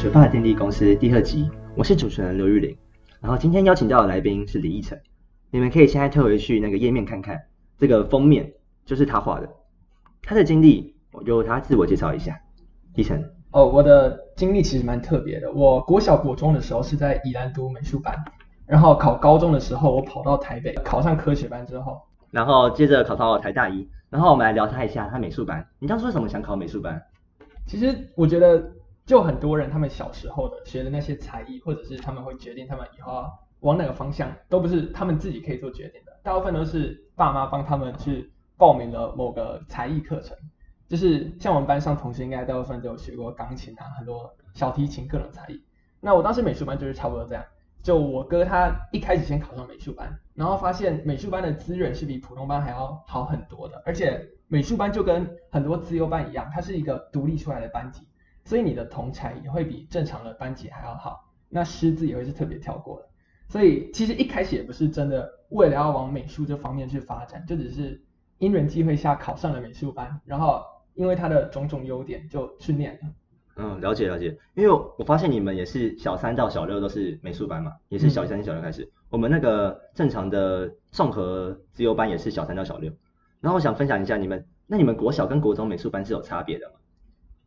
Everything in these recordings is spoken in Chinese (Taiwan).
學霸電力公司，第二集，我是主持人劉玉玲，然後今天邀請到的來賓是李亦宸。你們可以現在退回去那個頁面看看，這個封面就是他畫的，他的經歷，我由他自我介紹一下，亦宸哦，我的經歷其實蠻特別的，我國小國中的時候是在宜蘭讀美術班，然後考高中的時候我跑到台北，考上科學班之後，然後接着考到了台大一，然後我們來聊他一下，他美術班，你當初為什麼想考美術班？其實我覺得。就很多人，他們小時候的學的那些才藝，或者是他們會決定他們以後要往哪個方向，都不是他們自己可以做決定的。大部分都是爸媽幫他們去報名了某個才藝課程。就是像我們班上同學，應該大部分都有學過鋼琴啊，很多小提琴各種才藝。那我當時美術班就是差不多這樣。就我哥他一開始先考上美術班，然後發現美術班的資源是比普通班還要好很多的，而且美術班就跟很多資優班一樣，它是一個獨立出來的班級。所以你的同儕也會比正常的班級還要好，那師資也會是特別跳過的。所以其實一開始也不是真的為了要往美術這方面去發展，就只是因緣際會下考上了美術班，然後因為他的種種優點就去念了。嗯，了解了解，因為我，我發現你們也是小三到小六都是美術班嘛，也是小三小六開始，嗯。我們那個正常的綜合自由班也是小三到小六，然後我想分享一下你們，那你們國小跟國中美術班是有差別的嗎？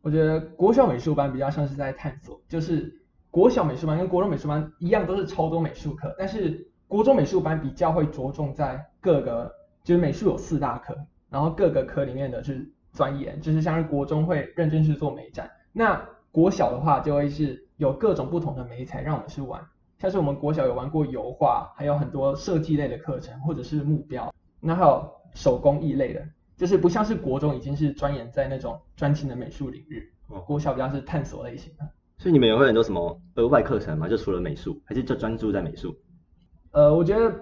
我覺得國小美術班比較像是在探索，就是國小美術班跟國中美術班一樣，都是超多美術課，但是國中美術班比較會着重在各個，就是美術有四大科，然後各個科裡面的就是鑽研，就是像是國中會認真去做美展，那國小的話就會是有各種不同的媒材讓我們去玩，像是我們國小有玩過油畫，還有很多設計類的課程，或者是木雕，那還有手工藝類的。就是不像是國中已經是鑽研在那種專精的美術領域，國小比較是探索類型的。所以你們有沒有很多什麼額外課程嗎？就除了美術，還是就專注在美術？呃，我覺得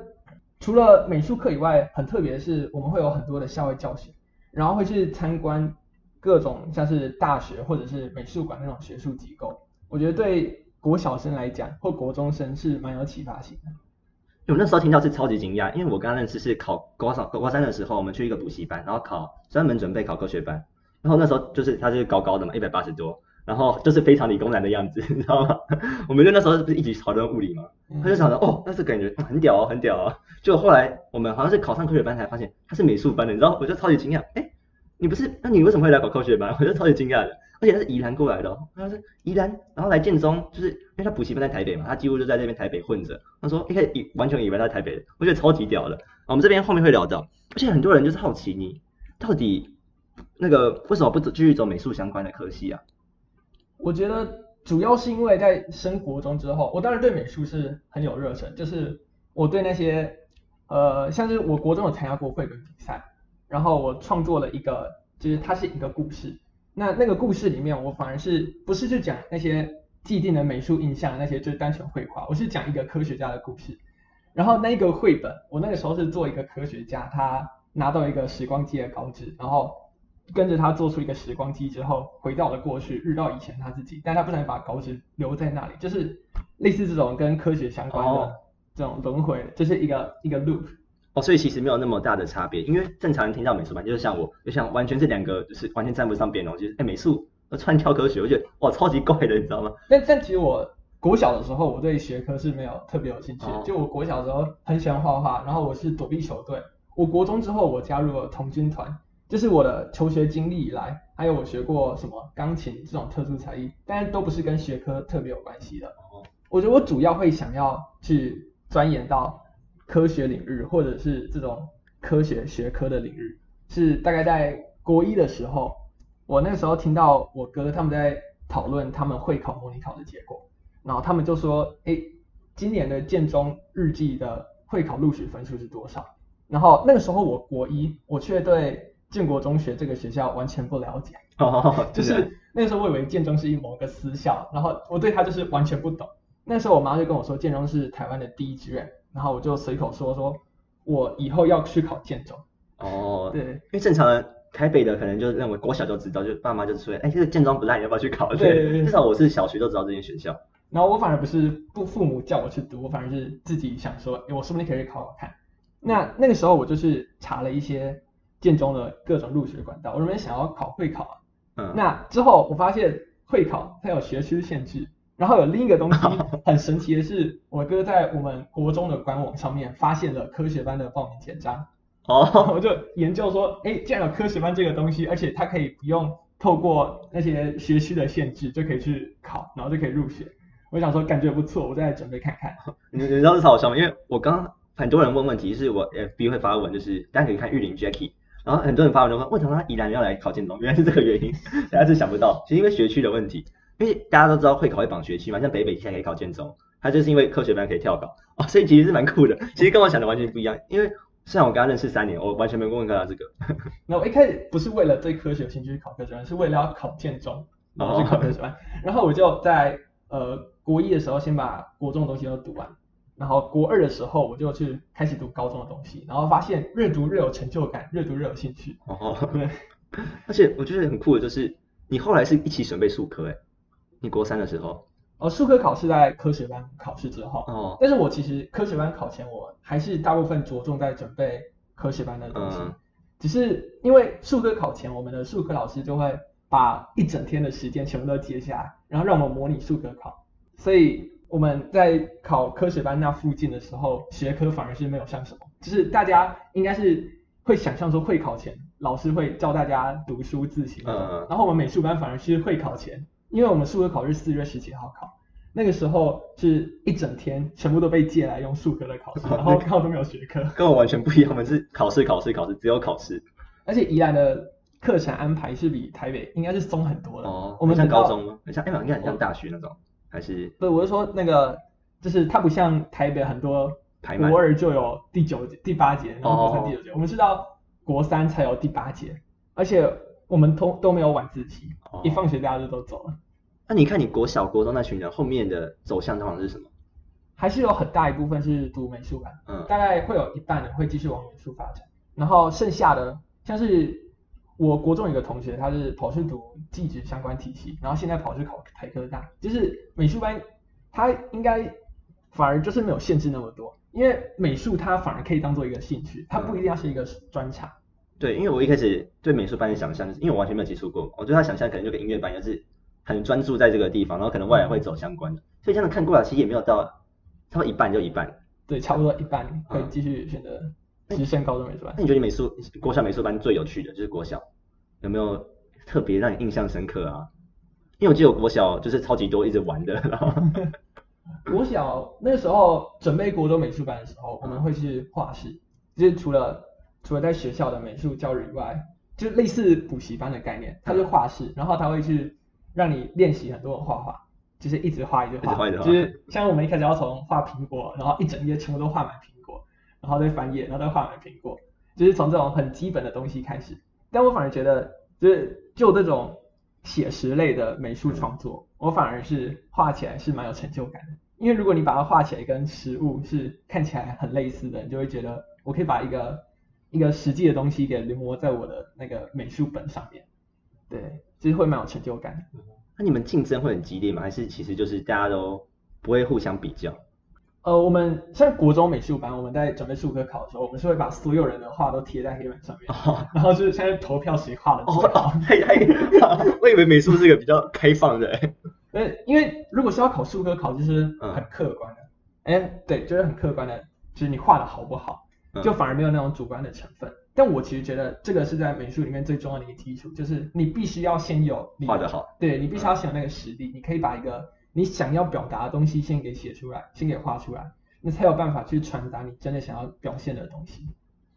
除了美術課以外，很特別的是我們會有很多的校外教學，然後會去參觀各種像是大學或者是美術館那種學術機構。我覺得對國小生來講，或國中生是蠻有啟發性的。因為那時候聽到是超級驚訝，因為我剛認識是考高三高三的時候，我們去一個補習班，然後考專門準備考科學班，然後那時候就是他是高高的嘛，一百八十多，然後就是非常理工男的樣子，你知道嗎？我們就那時候不是一起討論物理嗎？他就想着哦，那是感覺很屌哦，很屌哦。就後來我們好像是考上科學班才發現他是美術班的，你知道，我就超級驚訝，哎、欸。你不是？那你為什麼會來考科學班？我就超級驚訝的，而且他是宜蘭過來的喔。他說宜蘭，然後來建中，就是因為他補習班在台北嘛，他幾乎就在那邊台北混着。他說，一開始完全以為他在台北，我覺得超級屌的。我們這邊後面會聊到，而且很多人就是好奇你到底那個為什麼不走繼續走美術相關的科系啊？我覺得主要是因為在升國中之後，我當然對美術是很有熱忱，就是我對那些呃像是我國中有參加過繪本比賽。然後我創作了一個，就是它是一個故事。那那個故事裡面，我反而是不是就講那些既定的美術印象，那些就單純繪畫，我是講一個科學家的故事。然後那個繪本，我那個時候是做一個科學家，他拿到一個時光機的稿紙，然後跟着他做出一個時光機之後，回到了過去，遇到以前他自己，但他不能把稿紙留在那裡，就是類似這種跟科學相關的這種輪迴，哦、就是一個一個 loop。哦，所以其實沒有那麼大的差別，因為正常人聽到美術班，就是像我，就像完全這兩個，就是完全沾不上邊的，就是誒，美術串挑科學，我覺得哇超級怪的，你知道嗎？但但其實我國小的時候，我對學科是沒有特別有興趣。哦，就我國小的時候很喜歡畫畫，然後我是躲避球隊，我國中之後我加入了童軍團，就是我的求學經歷以來，還有我學過什麼鋼琴這種特殊才藝，但是都不是跟學科特別有關係的。我覺得我主要會想要去鑽研到，科學領域，或者是這種科學學科的領域，是大概在國一的時候，我那時候聽到我哥哥他們在討論他們會考模擬考的結果，然後他們就說：“哎、欸，今年的建中日記的會考錄取分數是多少？”然後那個時候我國一，我卻對建國中學這個學校完全不了解，oh, yeah. 就是那時候我以為建中是一某個私校，然後我對它就是完全不懂。那時候我媽就跟我說，建中是台灣的第一志願。然後我就隨口說說，我以後要去考建中。哦。對，因為正常的台北的可能就認為，國小就知道，就爸媽就說，哎，這個建中不賴，你要不要去考對對？對。至少我是小學都知道這間學校。然後我反而不是父母叫我去讀，我反而是自己想說，誒，我說不定可以考考看。那那個時候我就是查了一些建中的各種入學管道，我原本想要考會考。嗯。那之後我發現會考它有學區限制。然後有另一個東西很神奇的是，我哥在我們國中的官網上面發現了科學班的報名簡章。哦，我就研究說，哎，既然有科學班這個東西，而且他可以不用透過那些學區的限制就可以去考，然後就可以入學。我想說，感覺不錯，我再準備看看。你你知道是好笑嗎？因為我剛剛，很多人問問題，是我 FB 會發文，就是大家可以看玉林 Jacky。然後很多人發文說，為什麼他宜蘭要來考建中？原來是這個原因，大家是想不到，是因為學區的問題。因為大家都知道會考會綁學期嘛，像北北現在可以考建中，他就是因為科學班可以跳考哦，所以其實是蠻酷的。其實跟我想的完全不一樣，因為雖然我跟他認識三年，我完全沒有問過他這個。那我一開始不是為了對科學有興趣去考科學是為了要考建中，然後去考科學班。然後我就在呃國一的時候先把國中的東西都讀完，然後國二的時候我就去開始讀高中的東西，然後發現越讀越有成就感，越讀越有興趣哦。對，而且我覺得很酷的就是你後來是一起準備數科你國三的時候，哦，術科考試在科學班考試之後哦，但是我其實科學班考前，我還是大部分着重在準備科學班的東西，嗯、只是因為術科考前，我們的術科老師就會把一整天的時間全部都接下來，然後讓我們模擬術科考，所以我們在考科學班那附近的時候，學科反而是沒有像什麼，就是大家應該是會想象說會考前老師會教大家讀書自習，嗯，嗯，然後我們美術班反而是會考前。因為我們數學考是四月十七號考，那個時候是一整天全部都被借來用數科的考試，然後剛好都沒有學科，那個，跟我完全不一樣。我們是考試，考試，考試，只有考試。而且宜蘭的課程安排是比台北應該是鬆很多的。哦，我們很像高中嗎？很像宜，欸、應該像大學那種，哦、還是？對，我是說那個，就是它不像台北很多，國二就有第九節、第八節，然後國三第九節，哦，我們是到國三才有第八節，而且。我們通都沒有晚自習，一放學大家就都走了。那、哦啊、你看你國小、國中那群人後面的走向通常是什麼？還是有很大一部分是讀美術班、嗯，大概會有一半人會繼續往美術發展。然後剩下的，像是我國中有個同學，他是跑去讀技職相關體系，然後現在跑去考台科大。就是美術班，他應該反而就是沒有限制那麼多，因為美術它反而可以當做一個興趣，它不一定要是一個專長。嗯對，因為我一開始對美術班的想象，是因為我完全沒有接觸過，我覺得他想象可能就跟音樂班一樣，是很專注在這個地方，然後可能未來會走相關的。所以這樣看過來，其實也沒有到，差不多一半就一半。對，差不多一半會繼續選擇直升高中美術班，嗯。那你覺得你美術國小美術班最有趣的，就是國小有沒有特別讓你印象深刻啊？因為我記得我國小就是超級多一直玩的。然後 國小那時候準備國中美術班的時候，我們會去畫室，就是除了。除了在學校的美術教育以外，就類似補習班的概念，它是畫室，嗯，然後它會去讓你練習很多畫畫，就是一直畫，一直畫，一直畫，一直畫，就是像我們一開始要從畫蘋果，然後一整頁全部都畫滿蘋果，然後再翻頁，然後再畫滿蘋果，就是從這種很基本的東西開始。但我反而覺得，就是就這種寫實類的美術創作，嗯，我反而是畫起來是蠻有成就感的。因為如果你把它畫起來跟實物是看起來很類似的，你就會覺得我可以把一個。一個實際的東西給臨摹在我的那個美術本上面，對，其實會蠻有成就感的。那、啊、你們競爭會很激烈嗎？還是其實就是大家都不會互相比較？呃，我們像國中美術班，我們在準備術科考的時候，我們是會把所有人的畫都貼在黑板上面、哦，然後就是現在投票誰畫的最好。嘿、哦哎哎，我以為美術是一個比較開放的。呃，因為如果是要考術科考，就是很客觀的。哎、嗯，And, 對，就是很客觀的，就是你畫的好不好。就反而沒有那種主觀的成分，嗯、但我其實覺得這個是在美術裡面最重要的一個基礎，就是你必須要先有畫得好，對你必須要先有那個實力、嗯，你可以把一個你想要表達的東西先給寫出來，先給畫出來，那才有辦法去傳達你真的想要表現的東西。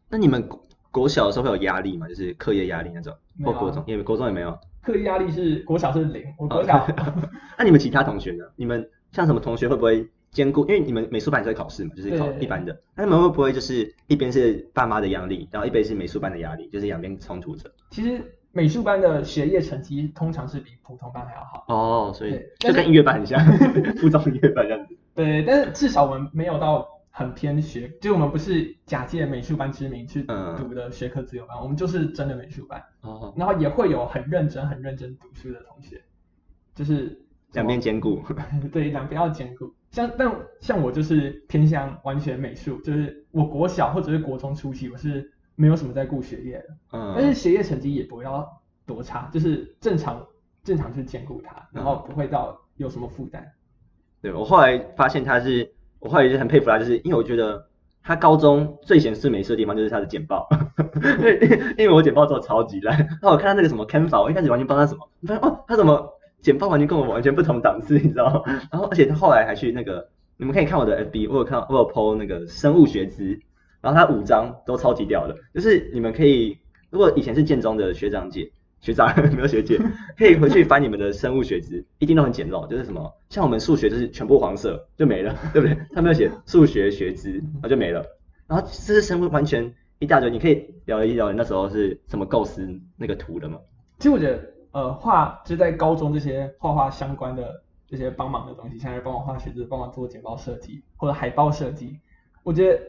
那你們國國小的時候會有壓力嗎？就是課業壓力那種，或國中，因為國中也沒有課業壓力，是國小是零，我國小，哦、 那你們其他同學呢？你們像什麼同學會不會？兼顧，因為你們美術班也在考試嘛，就是考一般的。那你們會不會就是一邊是爸媽的壓力，然後一邊是美術班的壓力，就是兩邊衝突着？其實美術班的學業成績通常是比普通班還要好。哦，所以就跟音樂班很像，附中 音樂班這樣子。對，但是至少我們沒有到很偏學，就我們不是假借美術班之名去讀的學科自由班，嗯、我們就是真的美術班。哦。然後也會有很認真、很認真讀書的同學，就是兩邊兼顧。兩邊兼顧 對，兩邊要兼顧。像但像我就是偏向完全美術，就是我國小或者是國中初期，我是沒有什麼在顧學業的、嗯，但是學業成績也不要多差，就是正常正常去兼顧它，然後不會到有什麼負擔、嗯。對我後來發現他是，我後來就很佩服他，就是因為我覺得他高中最顯示美術的地方就是他的簡報， 因為因為我簡報做的超級爛，那我看他那個什麼 Canva，我一開始完全不知道他什麼，發現哦他怎麼，簡報完全跟我完全不同檔次，你知道嗎？然後，而且他後來還去那個，你們可以看我的 FB，我有看我有 po 那個生物學資，然後他五張都超級屌的，就是你們可以，如果以前是建中的學長姐、學長呵呵沒有學姐，可以回去翻你們的生物學資， 一定都很簡陋，就是什麼像我們數學就是全部黃色就沒了，對不對？他沒有寫數學學資，然 後、啊、就沒了。然後這是生物完全一大堆，你可以聊一聊那時候是什麼構思那個圖的嗎？其實我覺得。呃，畫就在高中這些畫畫相關的這些幫忙的東西，像是幫我畫學字，幫我做簡報設計或者海報設計。我覺得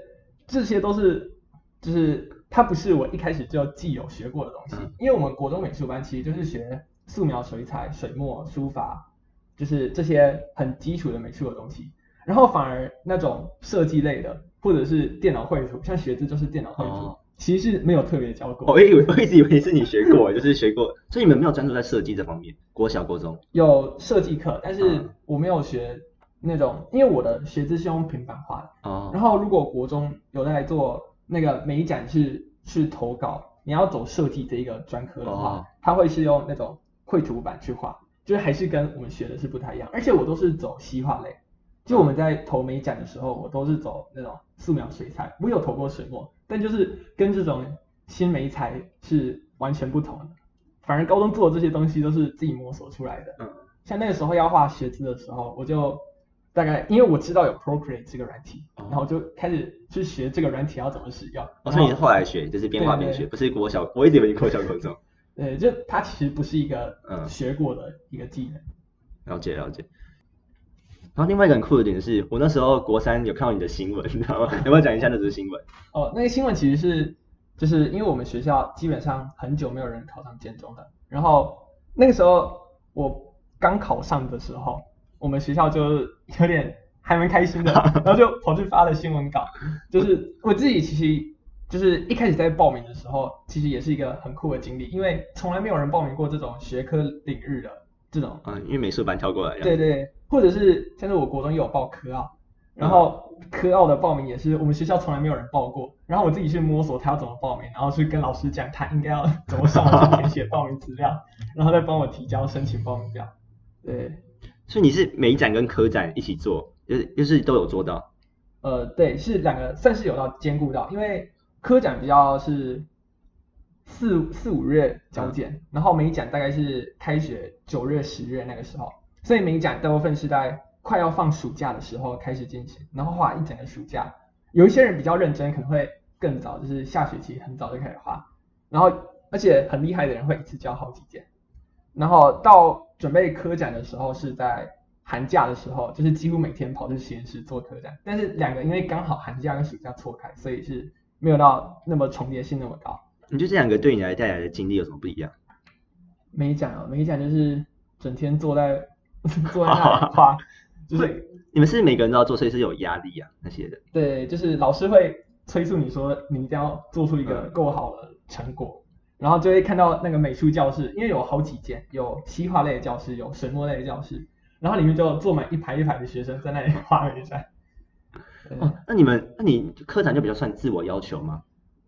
這些都是，就是它不是我一開始就既有學過的東西，因為我們國中美術班其實就是學素描、水彩、水墨、書法，就是這些很基礎的美術的東西。然後反而那種設計類的，或者是電腦繪圖，像學字就是電腦繪圖。哦其實是沒有特別教過，我、哦、以、欸、我一直以為是你學過， 就是學過，所以你們沒有專注在設計這方面。國小、國中有設計課，但是我沒有學那種，嗯、因為我的學資是用平板畫的。哦、嗯。然後如果國中有在做那個美展是是投稿，你要走設計這一個專科的話、哦，它會是用那種繪圖板去畫，就是還是跟我們學的是不太一樣。而且我都是走西畫類。就我們在投美展的時候，我都是走那種素描、水彩。我有投過水墨，但就是跟這種新媒材是完全不同的。反正高中做的這些東西都是自己摸索出來的。嗯。像那個時候要畫學資的時候，我就大概因為我知道有 Procreate 這個軟體、哦，然後就開始去學這個軟體要怎麼使用。我、哦、所以你是後來學，就是邊畫邊學，不是國小？我一直以為你國小國中。對，就它其實不是一個嗯學過的一個技能。了、嗯、解了解。了解然後另外一個很酷的點是我那時候國三有看到你的新聞，你知道嗎？ 有沒有講一下那則新聞？哦，那個新聞其實是就是因為我們學校基本上很久沒有人考上建中的，然後那個時候我剛考上的時候，我們學校就是有點還蠻開心的， 然後就跑去發了新聞稿。就是我自己其實就是一開始在報名的時候，其實也是一個很酷的經歷，因為從來沒有人報名過這種學科領域的這種。嗯，因為美術班跳過來的。對對。或者是像是我國中也有報科奧，然後科奧的報名也是我們學校從來沒有人報過，然後我自己去摸索他要怎麼報名，然後去跟老師講他應該要怎麼上網填寫報名資料， 然後再幫我提交申請報名表。對，所以你是美展跟科展一起做，就是又，就是都有做到。呃，對，是兩個算是有到兼顧到，因為科展比較是四四五月交卷，嗯，然後美展大概是開學九月十月那個時候。所以美展大部分是在快要放暑假的時候開始進行，然後畫一整個暑假。有一些人比較認真，可能會更早,就是下學期很早就開始畫。然後，而且很厲害的人會一次交好幾件。然後到準備科展的時候是在寒假的時候，就是幾乎每天跑去實驗室做科展。但是兩個因為剛好寒假跟暑假錯開，所以是沒有到那麼重疊性那麼高。你覺得這兩個對你來帶來的經歷有什麼不一樣？美展啊，美展就是整天坐在。 坐在那裡，啊，就是你們是，是每個人都要做，所以是有壓力啊那些的？對，就是老師會催促你說，你一定要做出一個夠好的成果，嗯，然後就會看到那個美術教室，因為有好幾間，有西畫類的教室，有水墨類的教室，然後裡面就坐滿一排一排的學生在那裡畫了一下。哦，那你們，那你科展就比較算自我要求嗎？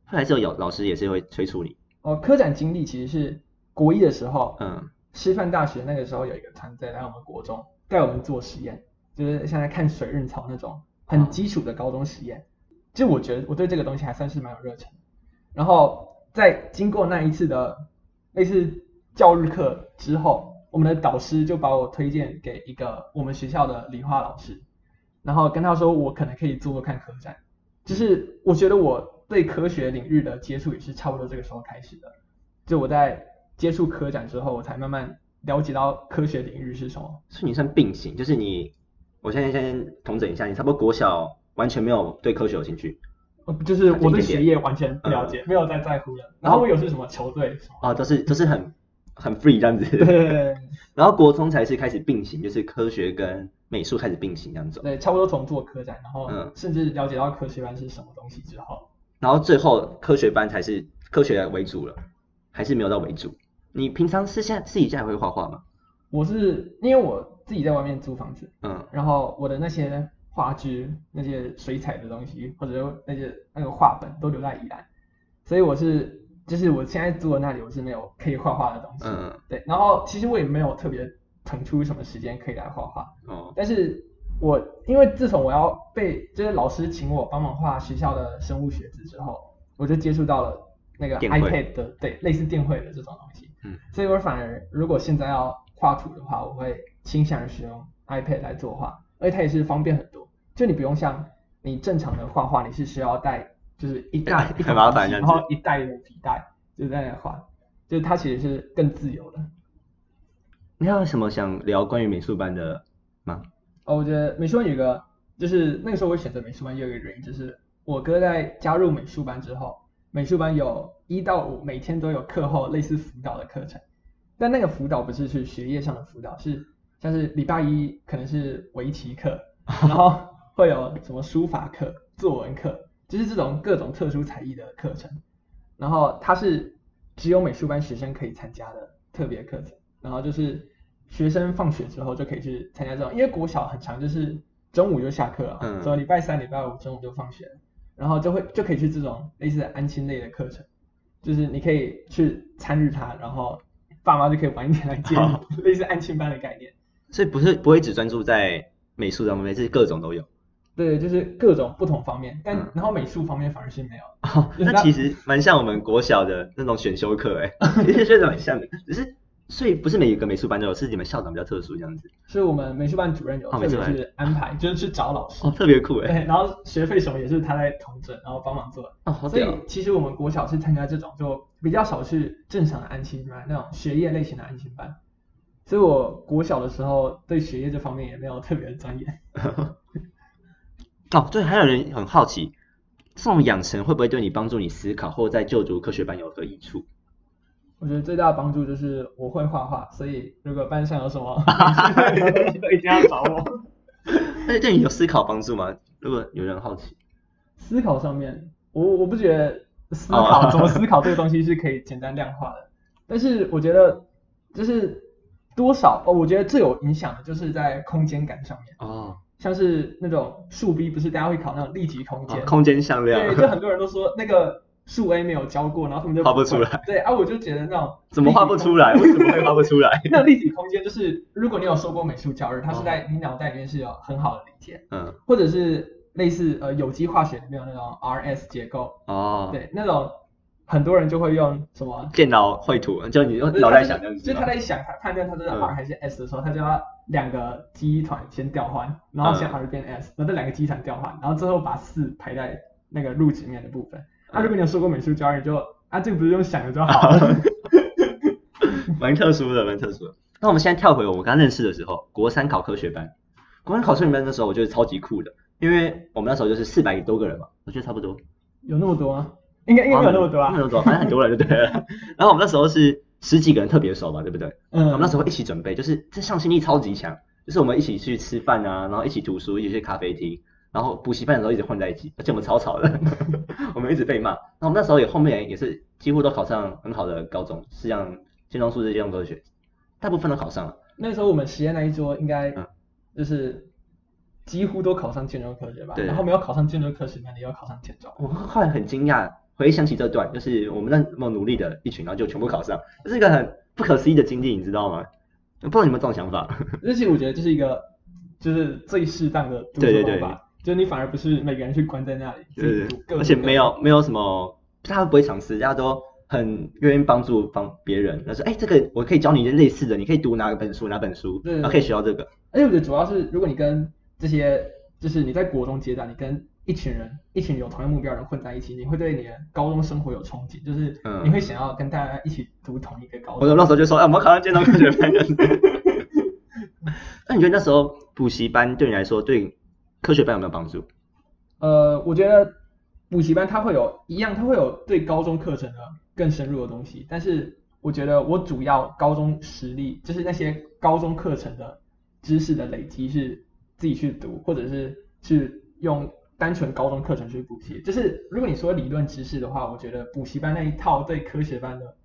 後來就有老師也是會催促你。哦，科展經歷其實是國一的時候，嗯。師範大學那個時候有一個團隊來我們國中帶我們做實驗，就是像在看水蘊草那種很基礎的高中實驗。就我覺得我對這個東西還算是蠻有熱忱。然後在經過那一次的類似教育課之後，我們的導師就把我推薦給一個我們學校的理化老師，然後跟他說我可能可以做做看科展。就是我覺得我對科學領域的接觸也是差不多這個時候開始的。就我在。接觸科展之後，我才慢慢了解到科學領域是什麼。所以，你算並行，就是你，我現在先重整一下，你差不多國小完全沒有對科學有興趣，嗯、就是我對學業完全不了解，嗯、沒有在在乎的、嗯。然後有是什麼球隊？啊、哦，都、哦、是都是很很 free 這樣子。對，對。然後國中才是開始並行，就是科學跟美術開始並行這樣子。對，差不多從做科展，然後甚至了解到科學班是什麼東西之後、嗯，然後最後科學班才是科學為主了，還是沒有到為主？你平常是現在自己現在還會畫畫嗎？我是因為我自己在外面租房子，嗯，然後我的那些畫具、那些水彩的東西，或者那些那個畫本都留在宜蘭，所以我是就是我現在住的那裡，我是沒有可以畫畫的東西，嗯，對。然後其實我也沒有特別騰出什麼時間可以來畫畫，哦、嗯，但是我因為自從我要被就是老師請我幫忙畫學校的生物學字之後，我就接觸到了那個 iPad 的，對，類似電繪的這種東西。嗯，所以我反而如果現在要畫圖的話，我會傾向於使用 iPad 來作畫，而且它也是方便很多。就你不用像你正常的畫畫，你是需要帶就是一大、哎、一麻煩，然後一袋的筆袋、就是、就在那畫，就是它其實是更自由的。你還有什麼想聊關於美術班的嗎？哦，我覺得美術班有一個，就是那個時候我選擇美術班也有一個原因，就是我哥在加入美術班之後。美術班有一到五，每天都有課後類似輔導的課程，但那個輔導不是是學業上的輔導，是像是禮拜一可能是圍棋課，然後會有什麼書法課、作文課，就是這種各種特殊才藝的課程。然後它是只有美術班學生可以參加的特別課程，然後就是學生放學之後就可以去參加這種，因為國小很長，就是中午就下課了，啊，嗯，所以禮拜三、禮拜五中午就放學。然後就會就可以去這種類似的安親類的課程，就是你可以去參與它，然後爸媽就可以晚一點來接你。類似安親班的概念。所以不是不會只專注在美術上面，是各種都有。對，就是各種不同方面，但然後美術方面反而是沒有。嗯，就是哦，那其實蠻像我們國小的那種選修課，欸，哎， 其實確實蠻像的，只是。所以不是每一個美術班都有，是你們校長比較特殊這樣子。所以我們美術班主任有特別去安排、哦，就是去找老師，哦，特別酷誒。然後學費什麼也是他在統整，然後幫忙做。哦，好屌。所以其實我們國小是參加這種，就比較少是正常的安親班那種學業類型的安親班。所以我國小的時候對學業這方面也沒有特別的專業。 哦，對，還有人很好奇，這種養成會不會對你幫助你思考，或在就讀科學班有何益處？我覺得最大的幫助就是我會畫畫，所以如果班上有什麼， 都一定要找我。那對你有思考幫助嗎？如果有人好奇。思考上面，我我不覺得思考怎麼思考這個東西是可以簡單量化的。Oh. 但是我覺得就是多少，哦，我覺得最有影響的就是在空間感上面啊，oh. 像是那種樹比不是大家會考那種立體空間。Oh, 空間向量。對，就很多人都說那個。 數 A 沒有教過，然後他們就畫不，不出來。對啊，我就覺得那種怎麼畫不出來？為什麼會畫不出來？ 那立體空間就是，如果你有受過美術教育，哦，它是在你腦袋裡面是有很好的理解。嗯。或者是類似呃有機化學裡面那種 R S 結構。哦。對，那種很多人就會用什麼電腦繪圖，就你用腦袋想就。就是，他在想他判斷它是 R 還是 S 的時候，嗯，他就要兩個基團先調換，然後先 R 變 S，把，嗯，這兩個基團調換，然後最後把四排在那個入紙面的部分。他、啊嗯、如果你有說過美術教育，就啊，這個不是用想的就好了，蠻、啊、特殊的，蠻特殊的。那我們現在跳回我們剛認識的時候，國三考科學班，國三考科學班的時候我覺得超級酷的，因為我們那時候就是四百多個人嘛，我覺得差不多，有那麼多啊，應該應該有那麼多啊，啊、嗯、那麼多，反正很多人就對了。 然後我們那時候是十幾個人特別熟嘛，對不對？嗯。我們那時候一起準備，就是這向心力超級強，就是我們一起去吃飯啊，然後一起讀書，一起去咖啡廳，然後補習班的時候一直混在一起，而且我們吵吵的。 我們一直被罵，那我們那時候也後面也是幾乎都考上很好的高中，實際上建中、數志、建中都是學，大部分都考上了。那時候我們實驗那一桌應該就是幾乎都考上建中、科學吧、啊，然後沒有考上建中、科學，那你又考上建中。我後來很驚訝，回想起這段，就是我們那麼努力的一群，然後就全部考上，這是一個很不可思議的經歷，你知道嗎？不知道你們這種想法？而且我覺得這是一個就是最適當的初衷吧。對對對所以你反而不是每個人去關在那裡讀，對對對，各讀各，而且沒有沒有什麼，大家不會嘗試，大家都很願意幫助幫別人。他說：“哎、欸，這個我可以教你一些類似的，你可以讀哪本書哪本書，對對對，然後可以學到這個。”哎，我覺得主要是如果你跟這些，就是你在國中階段，你跟一群人、一群有同樣目標的人混在一起，你會對你的高中生活有憧憬，就是你會想要跟大家一起讀同一個高中、嗯。我就那時候就說：“哎、欸，我們考上建中科學班了。 啊”那你覺得那時候補習班對你來說對？科學班有沒有幫助？呃，我覺得補習班它會有一樣，它會有對高中課程的更深入的東西。但是我覺得我主要高中實力，就是那些高中課程的知識的累積是自己去讀，或者是去用單純高中課程去補習。就是如果你說理論知識的話，我覺得補習班那一套對科學班的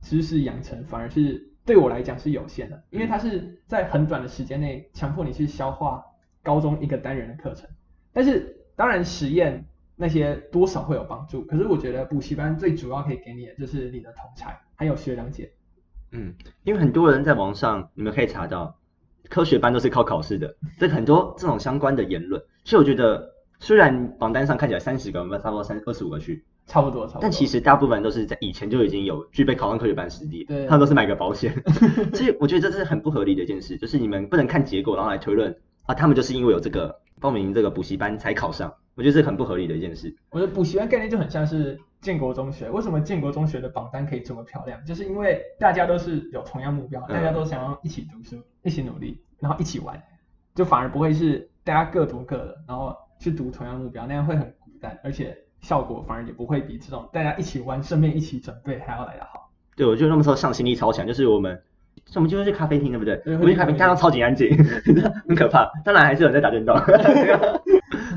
知識養成反而是對我來講是有限的，因為它是在很短的時間內強迫你去消化。高中一個單元的課程，但是當然實驗那些多少會有幫助。可是我覺得補習班最主要可以給你的就是你的同儕還有學長姐。嗯，因為很多人在網上你們可以查到，科學班都是靠考試的，這很多這種相關的言論。 所以我覺得雖然榜單上看起來三十個差不多三二十五個去，差不多差不多，但其實大部分都是在以前就已經有具備考上科學班實力，對啊、他們都是買個保險。 所以我覺得這是很不合理的一件事，就是你們不能看結果然後來推論。啊，他們就是因為有這個報名這個補習班才考上，我覺得是很不合理的一件事。我覺得補習班概念就很像是建國中學，為什麼建國中學的榜單可以這麼漂亮？就是因為大家都是有同樣目標，大家都想要一起讀書、嗯、一起努力，然後一起玩，就反而不會是大家各讀各的，然後去讀同樣目標，那樣會很孤單，而且效果反而也不會比這種大家一起玩、順便一起準備還要來得好。對，我就那麼說，向心力超強，就是我們。所以我們就是去咖啡廳，對不對？嗯、我們去咖啡廳，剛剛超級安靜，嗯、 很可怕。當然還是有人在打電動。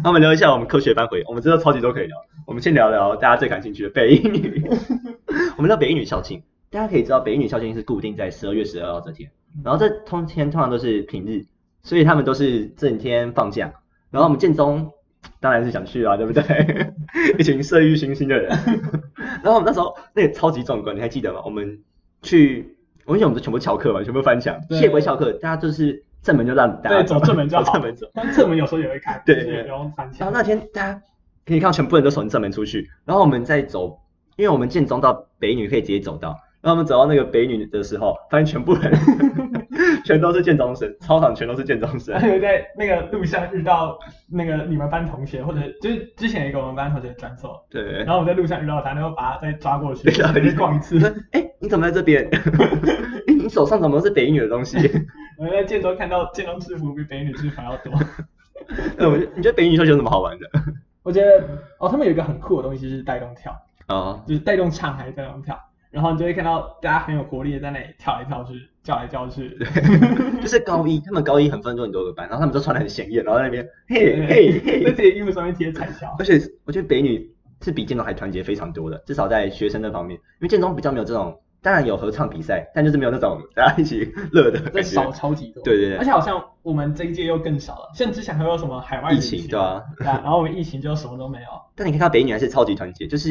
那我們聊一下我們科學班會，我們知道超級多可以聊。我們先聊聊大家最感興趣的北一女。 我們的北一女校慶，大家可以知道北一女校慶是固定在十二月十二號這天，然後這通天通常都是平日，所以他們都是這幾天放假。然後我們建中當然是想去啊，對不對？ 一群色欲熏心的人。 然後我們那時候那個、超級壯觀，你還記得嗎？我們去。我，我們以我們全部翹課嘛，全部翻牆。謝不翹課，大家就是正門就讓你。對，走正門就要正門走，但正門有時候也會開，對，然、就、後、是、然後那天大家可以看到，全部人都從正門出去。然後我們再走，因為我們建中到北女可以直接走到。然後我們走到那個北女的時候，發現全部人。 全都是建中生，操場全都是建中生。還 有在那個路上遇到那個你們班同學，或者就是之前一個我們班同學轉走。對。然後我在路上遇到他，然後把他再抓過去，然後去逛一次。哎、欸，你怎麼在這邊？ 你手上怎麼是北一女的東西？ 我在建中看到建中制服比北一女制服還要多。那 對 我，你覺得北一女校有什麼好玩的？我覺得，哦，他們有一個很酷的東西是帶動跳。哦。就是帶動唱還是帶動跳？然後你就會看到大家很有活力的在那裡跳來跳去。叫來叫去，對，就是高一， 他們高一很分，很多個班，然後他們都穿的很鮮豔，然後在那邊，嘿，嘿嘿，在自己衣服上面貼彩條。而且我覺得北女是比建中還團結非常多的，至少在學生那方面，因為建中比較沒有這種，當然有合唱比賽，但就是沒有那種大家一起樂的，少超級多。對對對。而且好像我們這一屆又更少了，像之前還有，有什麼海外疫情、疫情對吧、啊啊？ 然後我們疫情就什麼都沒有。但你可以看到北女還是超級團結，就是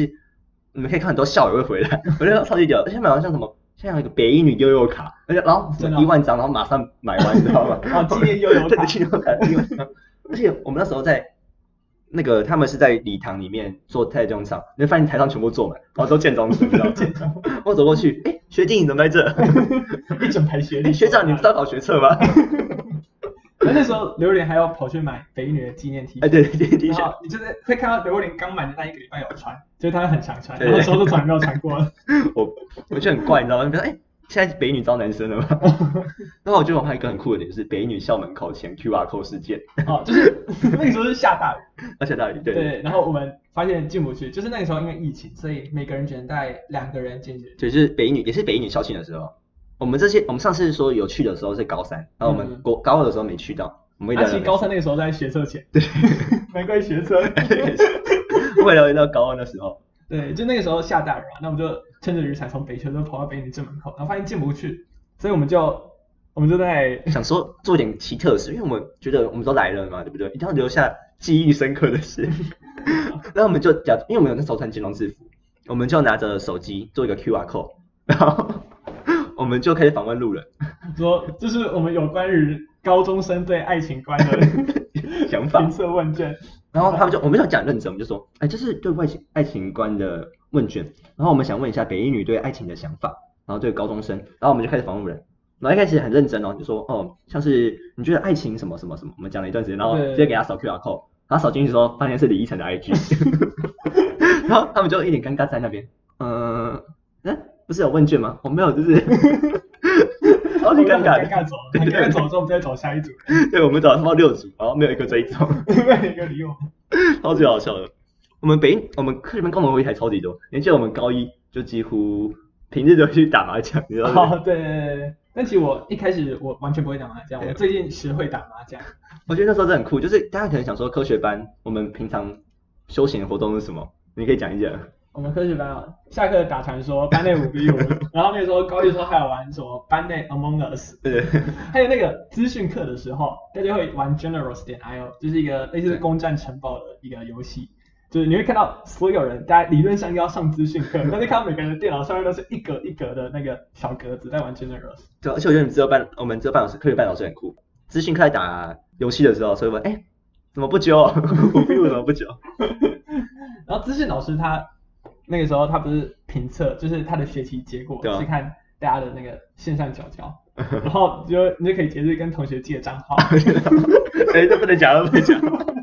你們可以看很多校友會回來，我覺得超級屌。而且買完像什麼。像一個北一女悠遊卡，而、嗯、且然後一、啊、萬張，然後馬上買完，知道嗎？哦， 紀念悠遊卡，對，紀念悠遊卡悠 而且我們那時候在那個他們是在禮堂裡面做太宗場，你會發現台上全部坐滿，然後都建中， 我走過去，誒學弟你怎麼在這？ 一整排學弟。學長，你不知道搞學測嗎？ 那時候榴蓮還要跑去買北一女的紀念 T，哎對對對，你就是會看到榴蓮剛買的那一個禮拜有穿，就是他很想穿，然後之後都沒有穿過。我我覺得很怪，你知道嗎？比如說哎，現在是北一女招男生了嗎？哦、 然後我覺得我們還有一個很酷的點、就是北一女校門口前 QR code 事件。哦，就是 那個時候是下大雨，哦、下大雨對，對，對。對，然後我們發現進不去，就是那個時候因為疫情，所以每個人只能帶兩個人進去。就是北一女也是北一女校慶的時候。我們這些，我們上次說有去的時候是高三，然後我們高高二的時候沒去到。嗯、我們記得、啊、高三那個時候在學測前，對，沒系學測。對，後來到高二的時候，對，就那個時候下大雨嘛、啊，那我們就撐著雨傘從北區都跑到北一正門口，然後發現進不去，所以我們就我們就在想說做點奇特的事，因為我們覺得我們都來了嘛，對不對？一定要留下記憶深刻的事。 然後我們就假，因為我們有那時候穿建中制服，我們就拿着手機做一個 QR code，然後。 我們就開始訪問路人，就是、說就是我們有關於高中生對愛情觀的 想法，情色問卷。然後他們就我們就要講認真，我們就說，哎、欸，這是對外形愛情觀的問卷。然後我們想問一下北一女對愛情的想法，然後對高中生。然後我們就開始訪問路人，然後一開始很認真哦，就說，哦，像是你覺得愛情什麼什麼什麼。我們講了一段時間，然後直接給他掃 QR code，他掃進去說發現是李亦宸的 IG， 然後他們就一臉尷尬在那邊，嗯嗯。不是有問卷嗎？我、oh, 沒有，就是 超級尬 尷尬，尷尬走，尷尬走之後我們再找下一組對對對對對。對，我們找了大概六組，然後沒有一個追蹤，沒 有一個理我，超級好笑的。我們北我們科學班高萌會還超級多，你記得我們高一就幾乎平日都去打麻將，你知道嗎？對，但、oh, 其實我一開始我完全不會打麻將，我最近才會打麻將。我覺得那時候真的很酷，就是大家可能想說科學班我們平常休閒活動是什麼？你可以講一講。我們科學班下課打傳說，班內五 v 五，然後那時候高一時候還有玩什麼班內 Among Us，對,對，還有那個資訊課的時候，大家會玩 Generous 點 io，就是一個類似是攻占城堡的一個遊戲，就是你會看到所有人，大家理論上要上資訊課，但是看到每個人的電腦上面都是一格一格的那個小格子在玩 Generous，對，而且我覺得你們班我們只班我們這班老師，科學班老師很酷，資訊課在打遊戲的時候，所以我哎、欸，怎麼不教，五 v 怎麼不教， 然後資訊老師他。那個時候他不是評測，就是他的學習結果對、啊、是看大家的那個線上繳交， 然後就你就可以直接跟同學借賬號，誒這不能講，不能講。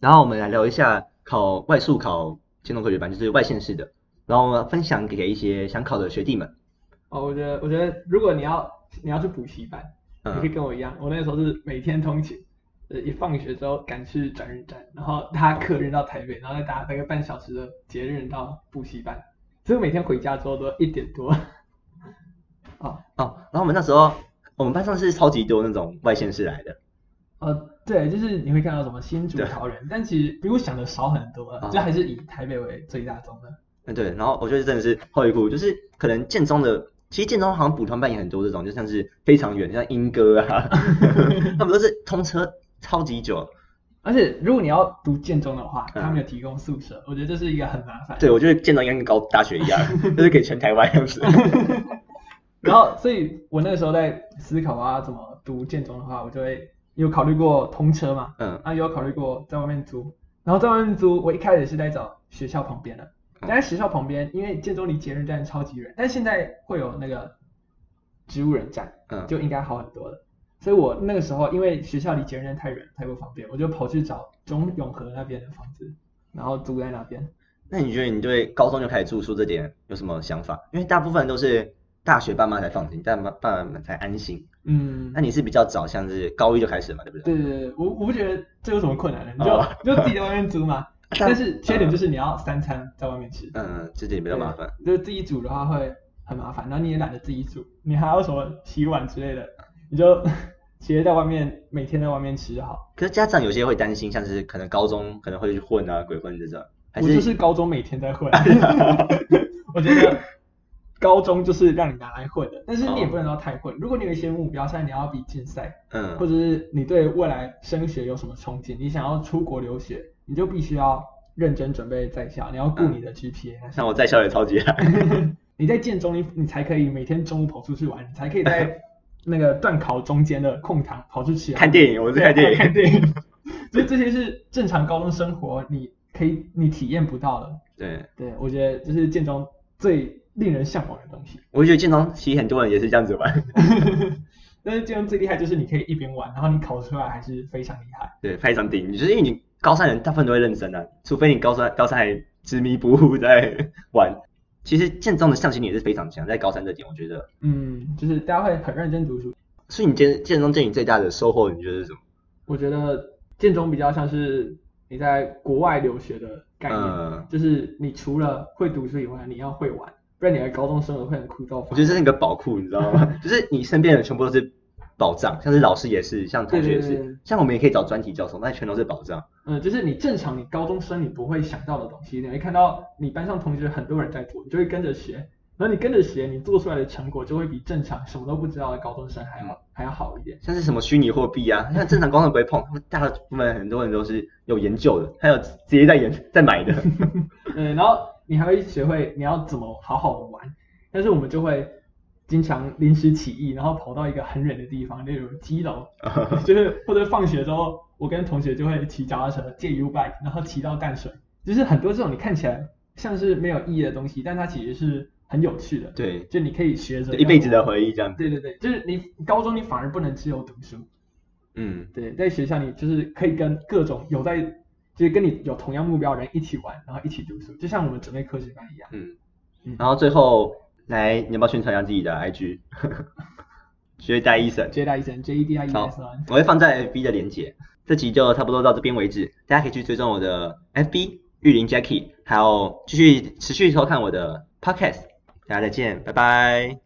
然後我們來聊一下考外宿 考建中 科學班，就是外縣市的，然後我們分享給一些想考的學弟們。哦，我覺得，我覺得如果你要你要去補習班， 你可以跟我一樣， 我那個時候是每天通勤。 一放學之後趕去轉運站，然後他客運，到台北，哦、然後再搭一個半小時的捷運到補習班，所以我每天回家之後都一點多。哦哦，然後我們那時候我們班上是超級多那種外縣市來的。哦，對，就是你會看到什麼新竹桃園，但其實比我想的少很多，就還是以台北為最大宗的、哦。嗯，對，然後我覺得真的是後一步，就是可能建中的，其實建中好像補強班也很多，這種就像是非常遠，像鶯歌啊， 他們都是通車。超級久，而且如果你要讀建中的話，嗯、他沒有提供宿舍，嗯，我覺得這是一個很麻煩。對，我覺得建中應該跟高大學一樣， 就是給全台灣用的。 然後，所以我那個時候在思考啊，怎麼讀建中的話，我就會有考慮過通車嘛，嗯，啊，有考慮過在外面租。然後在外面租，我一開始是在找學校旁邊的，但是學校旁邊，因為建中離捷運站超級遠，但現在會有那個植物人站，就應該好很多了。嗯所以，我那個時候因為學校離捷運太遠，太不方便，我就跑去找中永和那邊的房子，然後租在那邊。那你覺得你對高中就開始住宿這點有什麼想法？因為大部分都是大學爸媽才放心，但爸媽爸爸們才安心。嗯。那你是比較早，像是高一就開始嘛，對不對？對對對，我我不覺得這有什麼困難的，你就、哦、你就自己在外面租嘛。 但是缺點就是你要三餐在外面吃。嗯，這點比較麻煩。就是自己煮的話會很麻煩，然後你也懶得自己煮，你還要什麼洗碗之類的。你就直接在外面，每天在外面吃就好。可是家長有些會擔心，像是可能高中可能會去混啊、鬼混這種，我就是高中每天在混。 我覺得高中就是讓你拿來混的，但是你也不能說太混。Oh, okay. 如果你有一些目標，像你要比競賽，嗯，或者是你對未來升學有什麼憧憬，你想要出國留學，你就必須要認真準備在校。你要顧你的 GPA。像、啊、我在校也超級懶。 你在建中你你才可以每天中午跑出去玩，你才可以在。 那個段考中間的空檔跑出去，啊、看電影，我在看電影，看電影。所 以這些是正常高中生活，你可以你體驗不到的。對對，我覺得這是建中最令人向往的東西。我覺得建中其實很多人也是這樣子玩， 但是建中最厲害就是你可以一邊玩，然後你考出來還是非常厲害。對，非常頂。就是因為你高三人大部分都會認真了，啊，除非你高三高三還執迷不悟在玩。其實建中的向心力也是非常強，在高三這點，我覺得，嗯，就是大家會很認真讀書。所以你建建中對你最大的收穫，你覺得是什麼？我覺得建中比較像是你在國外留學的概念，嗯，就是你除了會讀書以外，你要會玩，不然你的高中生活會很枯燥。我覺得這是一個寶庫，你知道嗎？ 就是你身邊的全部都是。保障，像是老師也是，像同學也是，對對對對，像我們也可以找專題教授，那全都是保障。嗯，就是你正常你高中生你不會想到的東西，你會看到你班上同學很多人在做，你就會跟着學。然後你跟着學，你做出來的成果就會比正常什麼都不知道的高中生還、嗯、還要好一點。像是什麼虛擬貨幣啊，像正常工作不會碰， 大我們大部分很多人都是有研究的，還有直接在研在買的。嗯， 然後你還會學會你要怎麼好好的玩，但是我們就會。經常臨時起意，然後跑到一個很遠的地方，例如基隆， 就是或者放學之後，我跟同學就會騎腳踏車借 U bike，然後騎到淡水。就是很多這種你看起來像是沒有意義的東西，但它其實是很有趣的。對，就你可以學着一輩子的回憶這樣。對對對，就是你高中你反而不能只有讀書。嗯，對，在學校你就是可以跟各種有在就是跟你有同樣目標的人一起玩，然後一起讀書，就像我們準備科學班一樣。嗯，嗯然後最後，來，你要不要宣傳一下自己的 IG？Jedison。 Jedison。J E D I E S 好，我會放在 FB 的鏈接。這集就差不多到這邊為止，大家可以去追蹤我的 FB 玉林 Jacky，還有繼續持續收看我的 Podcast。大家再見，拜拜。